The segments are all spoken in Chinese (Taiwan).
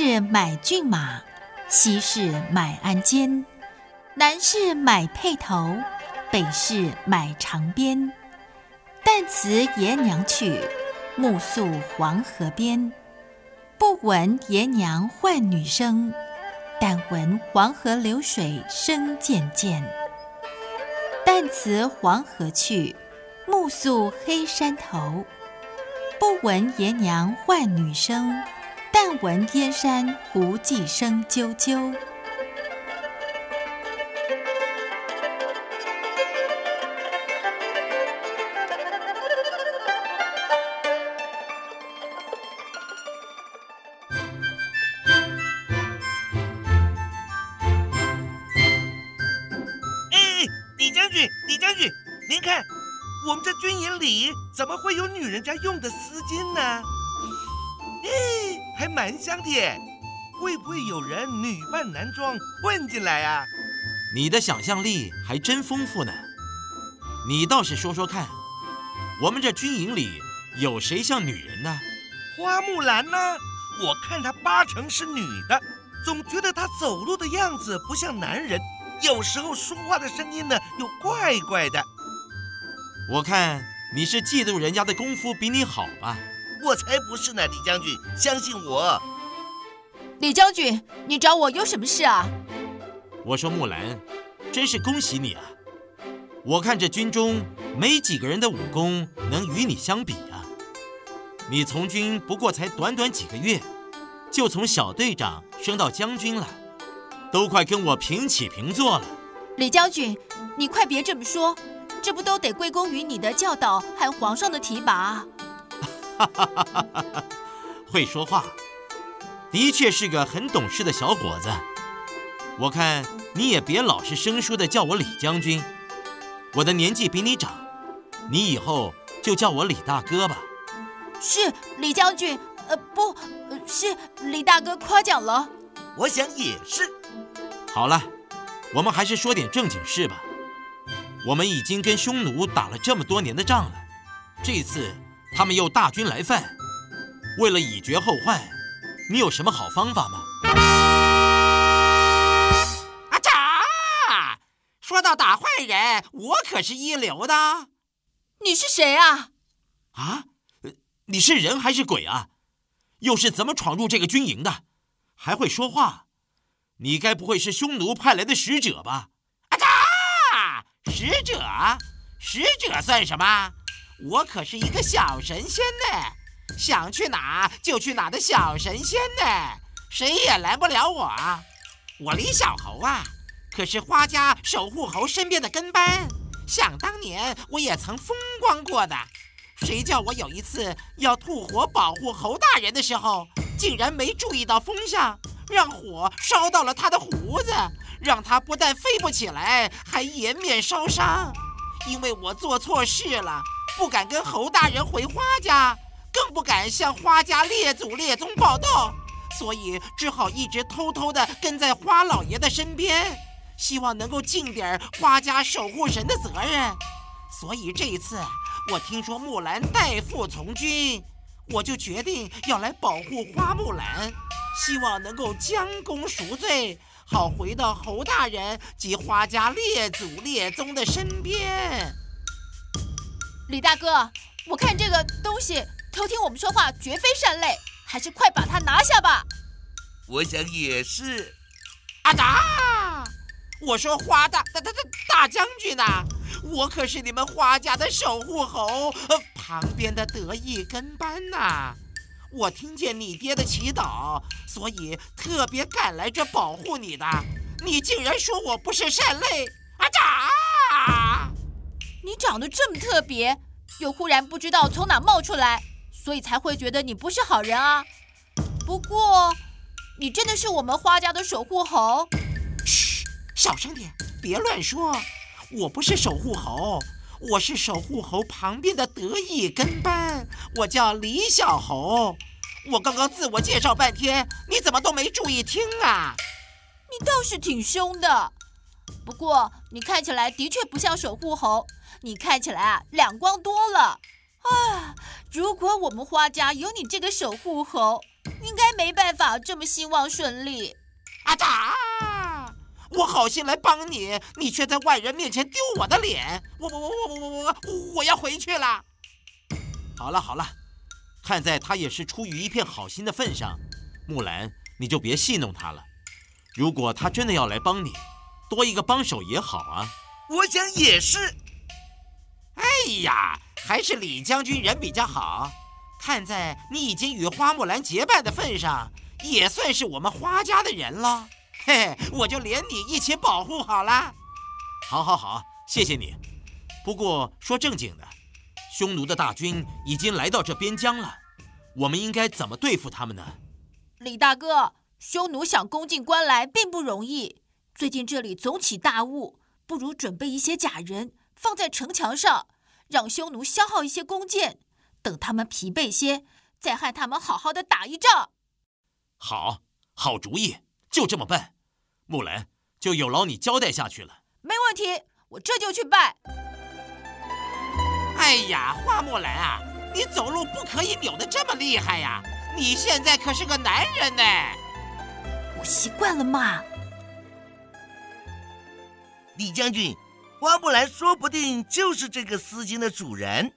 市買駿馬，西市買鞍韉，南市買轡頭，北市買長鞭。旦辭爺娘去，暮宿黃河邊。不聞爺娘喚女聲，但聞黃河流水聲濺濺。旦辭黃河去，暮宿黑山頭。不聞爺娘喚女聲。聞天山胡騎聲啾啾。哎，李將軍，李將軍，您看，我們這軍營裡怎麼會有女人家用的絲巾呢？哎。還蠻香的，會不會有人女扮男裝混進來啊？你的想象力還真豐富呢。你倒是說說看，我們這軍營裡有誰像女人呢？花木蘭呢？啊？我看她八成是女的，總覺得她走路的樣子不像男人，有時候說話的聲音呢又怪怪的。我看你是嫉妒人家的功夫比你好吧？我才不是呢，李將軍，相信我。李將軍，你找我有什麼事啊？我說木蘭，真是恭喜你啊！我看這軍中沒幾個人的武功能與你相比啊。你從軍不過才短短幾個月，就從小隊長升到將軍了，都快跟我平起平坐了。李將軍，你快別這麼說，這不都得歸功於你的教導還有皇上的提拔。哈，哈，哈，哈，哈，會說話，的確是個很懂事的小伙子。我看你也別老是生疏的叫我李將軍，我的年紀比你長，你以後就叫我李大哥吧。是李將軍，呃，不，是李大哥誇獎了。我想也是。好了，我們還是說點正經事吧。我們已經跟匈奴打了這麼多年的仗了，這次，他們又大軍來犯，為了以絕後患，你有什麼好方法嗎？阿扎、啊，說到打壞人，我可是一流的。你是誰啊？啊，你是人還是鬼啊？又是怎麼闖入這個軍營的？還會說話？你該不會是匈奴派來的使者吧？阿扎、啊，使者，使者算什麼？我可是一個小神仙呢，想去哪就去哪的小神仙呢，誰也攔不了我。我李小猴啊，可是花家守護猴身邊的跟班。想當年我也曾風光過的，誰叫我有一次要吐火保護猴大人的時候，竟然沒注意到風向，讓火燒到了他的鬍子，讓他不但飛不起來，還顏面燒傷。因為我做錯事了，不敢跟侯大人回花家，更不敢向花家列祖列宗報到。所以只好一直偷偷地跟在花老爺的身邊，希望能夠盡點花家守護神的責任。所以這一次，我聽說木蘭代父從軍，我就決定要來保護花木蘭，希望能夠將功贖罪。好，回到侯大人及花家列祖列宗的身邊。李大哥，我看這個東西偷聽我們說話，絕非善類，還是快把它拿下吧。我想也是。阿打，啊，我說花大大大大將軍吶，啊，我可是你們花家的守護猴，旁邊的得意跟班吶，啊。我聽見你爹的祈禱，所以特別趕來這保護你的。你竟然說我不是善類，阿扎！你長得這麼特別，又忽然不知道從哪冒出來，所以才會覺得你不是好人啊。不過，你真的是我們花家的守護猴？噓，小聲點，別亂說。我不是守護猴，我是守護猴旁邊的得意跟班。我叫李小猴，我剛剛自我介紹半天，你怎麼都沒注意聽啊？你倒是挺兇的，不過你看起來的確不像守護猴，你看起來啊，兩光多了。啊，如果我們花家有你這個守護猴，應該沒辦法這麼興旺順利。阿扎、啊，我好心來幫你，你卻在外人面前丟我的臉，我我我我我我我要回去了。好了好了，看在他也是出於一片好心的份上，木蘭你就別戲弄他了。如果他真的要來幫你，多一個幫手也好啊。我想也是。哎呀，還是李將軍人比較好。看在你已經與花木蘭結拜的份上，也算是我們花家的人了。嘿嘿，我就連你一起保護好了。好，好，好，謝謝你。不過說正經的。匈奴的大軍已經來到這邊疆了，我們應該怎麼對付他們呢？李大哥，匈奴想攻進關來並不容易。最近這裡總起大霧，不如準備一些假人放在城牆上，讓匈奴消耗一些弓箭，等他們疲憊些，再和他們好好的打一仗。好，好主意，就這麼辦。木蘭，就有勞你交代下去了。沒問題，我這就去辦。哎呀，花木蘭啊，你走路不可以扭得這麼厲害呀！你現在可是個男人呢。我習慣了嘛。李將軍，花木蘭說不定就是這個絲巾的主人。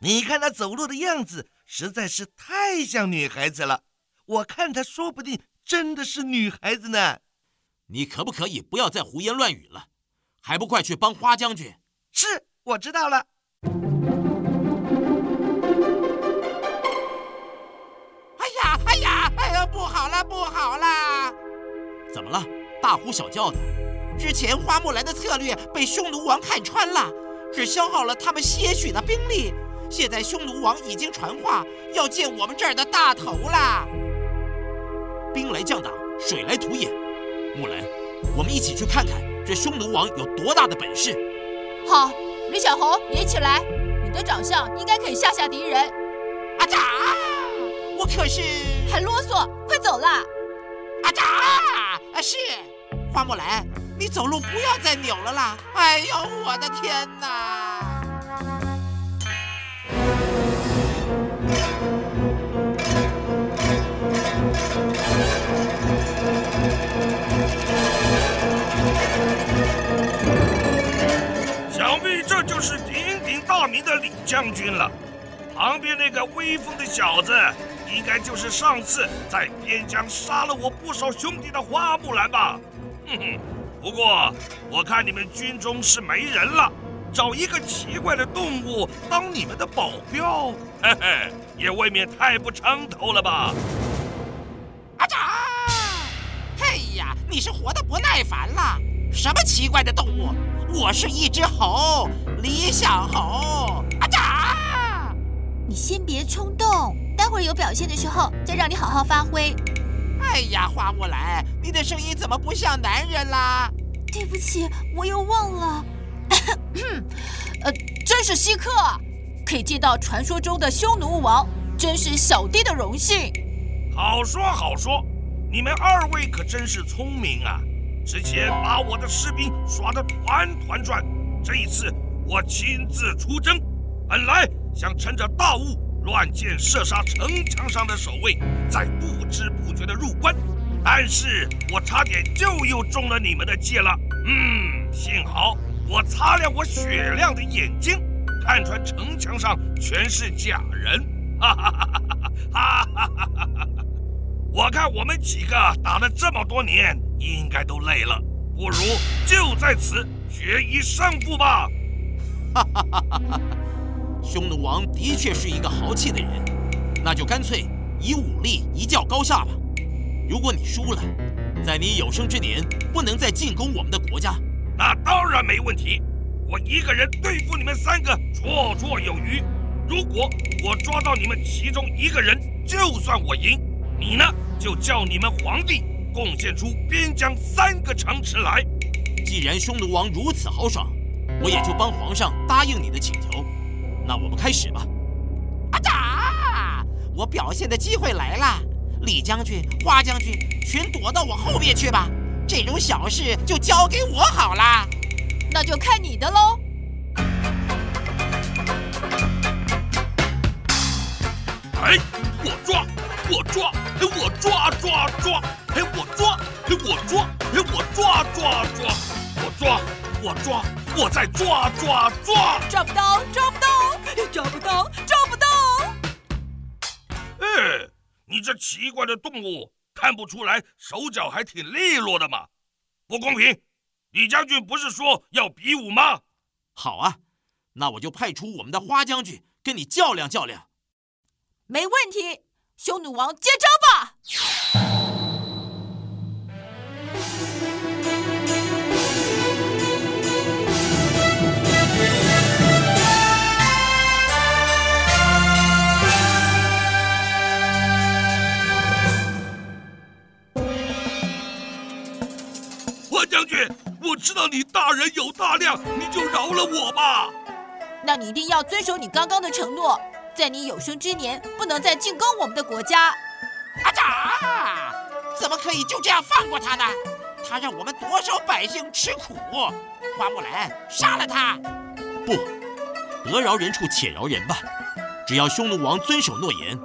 你看她走路的樣子，實在是太像女孩子了。我看她說不定真的是女孩子呢。你可不可以不要再胡言亂語了？還不快去幫花將軍？是，我知道了。好了，不好了！怎麼了？大呼小叫的！之前花木蘭的策略被匈奴王看穿了，只消耗了他們些許的兵力。現在匈奴王已經傳話，要見我們這兒的大頭了。兵來將擋，水來土掩。木蘭，我們一起去看看這匈奴王有多大的本事。好，李小猴你起來，你的長相應該可以嚇嚇敵人。阿扎、啊。可是，很囉嗦，快走啦。啊扎，啊是，花木蘭，你走路不要再扭了啦！哎呦，我的天哪！想必這就是鼎鼎大名的李將軍了，旁邊那個威風的小子，應該就是上次在邊疆殺了我不少兄弟的花木蘭吧？哼哼，不過我看你們軍中是沒人了，找一個奇怪的動物當你們的保鏢，嘿嘿，也未免太不稱頭了吧？阿扎、啊，哎呀，你是活得不耐煩了？什麼奇怪的動物？我是一隻猴，李小猴。阿扎、啊，你先別衝動。待會有表現的時候，再讓你好好發揮。哎呀，花木蘭，你的聲音怎麼不像男人啦？對不起，我又忘了。 呃，真是稀客啊，可以見到傳說中的匈奴王，真是小弟的榮幸。好說好說，你們二位可真是聰明啊！之前把我的士兵耍得團團轉，這一次我親自出征，本來想趁着大霧。亂箭射殺城牆上的守衛，在不知不覺的入關，但是我差點就又中了你們的計了。嗯，幸好我擦亮我雪亮的眼睛，看穿城牆上全是假人。哈哈哈哈哈！哈哈哈哈哈！我看我們幾個打了這麼多年，應該都累了，不如就在此決一勝負吧。哈哈哈哈哈哈！匈奴王的確是一個豪氣的人，那就乾脆以武力一較高下吧。如果你輸了，在你有生之年不能再進攻我們的國家。那當然沒問題，我一個人對付你們三個綽綽有餘。如果我抓到你們其中一個人，就算我贏。你呢，就叫你們皇帝貢獻出邊疆三個城池來。既然匈奴王如此豪爽，我也就幫皇上答應你的請求。那我們開始吧。啊，達，我表現的機會來了。李將軍、花將軍，全躲到我後面去吧。這種小事就交給我好啦。那就看你的嘍。哎。哎，我抓，我抓，我抓抓抓，哎，我抓，哎，我抓，哎，我抓抓抓，我抓，我抓，我再抓抓抓，抓，抓不到，抓不到。你這奇怪的動物，看不出來手腳還挺利落的嘛！不公平！李將軍不是說要比武嗎？好啊，那我就派出我們的花將軍跟你較量較量。沒問題，匈奴王接招吧！君，我知道你大人有大量，你就饒了我吧。那你一定要遵守你剛剛的承諾，在你有生之年不能再進攻我們的國家。阿扎，怎麼可以就這樣放過他呢？他讓我們多少百姓吃苦！花木蘭，殺了他！不得饒人處且饒人吧，只要匈奴王遵守諾言，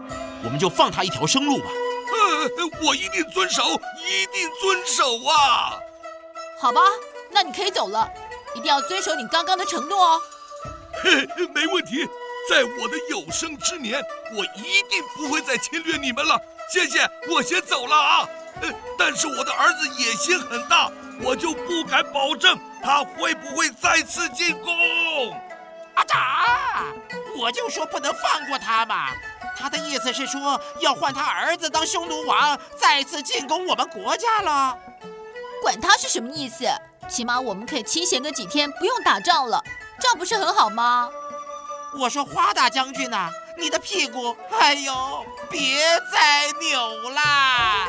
我們就放他一條生路吧。嗯，我一定遵守，一定遵守啊！好吧，那你可以走了，一定要遵守你剛剛的承諾哦。嘿，嘿，沒問題，在我的有生之年，我一定不會再侵略你們了。謝謝，我先走了啊。呃，但是我的兒子野心很大，我就不敢保證他會不會再次進攻。阿扎、啊，我就說不能放過他嘛。他的意思是說要換他兒子當匈奴王，再次進攻我們國家了。管他是什麼意思，起碼我們可以清閒個幾天，不用打仗了，這樣不是很好嗎？我說花大將軍吶、啊，你的屁股，哎呦，別再扭啦！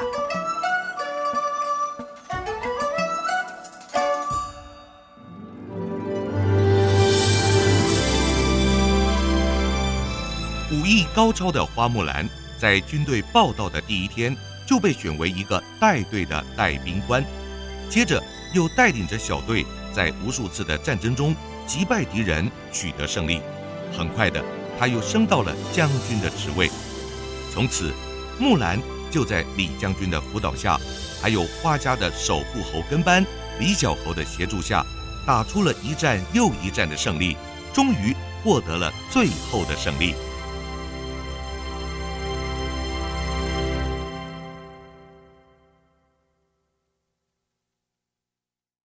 武藝高超的花木蘭，在軍隊報到的第一天，就被選為一個帶隊的帶兵官。接着又帶領着小隊，在無數次的戰爭中擊敗敵人，取得勝利。很快的，他又升到了將軍的職位。從此，木蘭就在李將軍的輔導下，還有花家的守護猴跟班李小猴的協助下，打出了一戰又一戰的勝利，終於獲得了最後的勝利。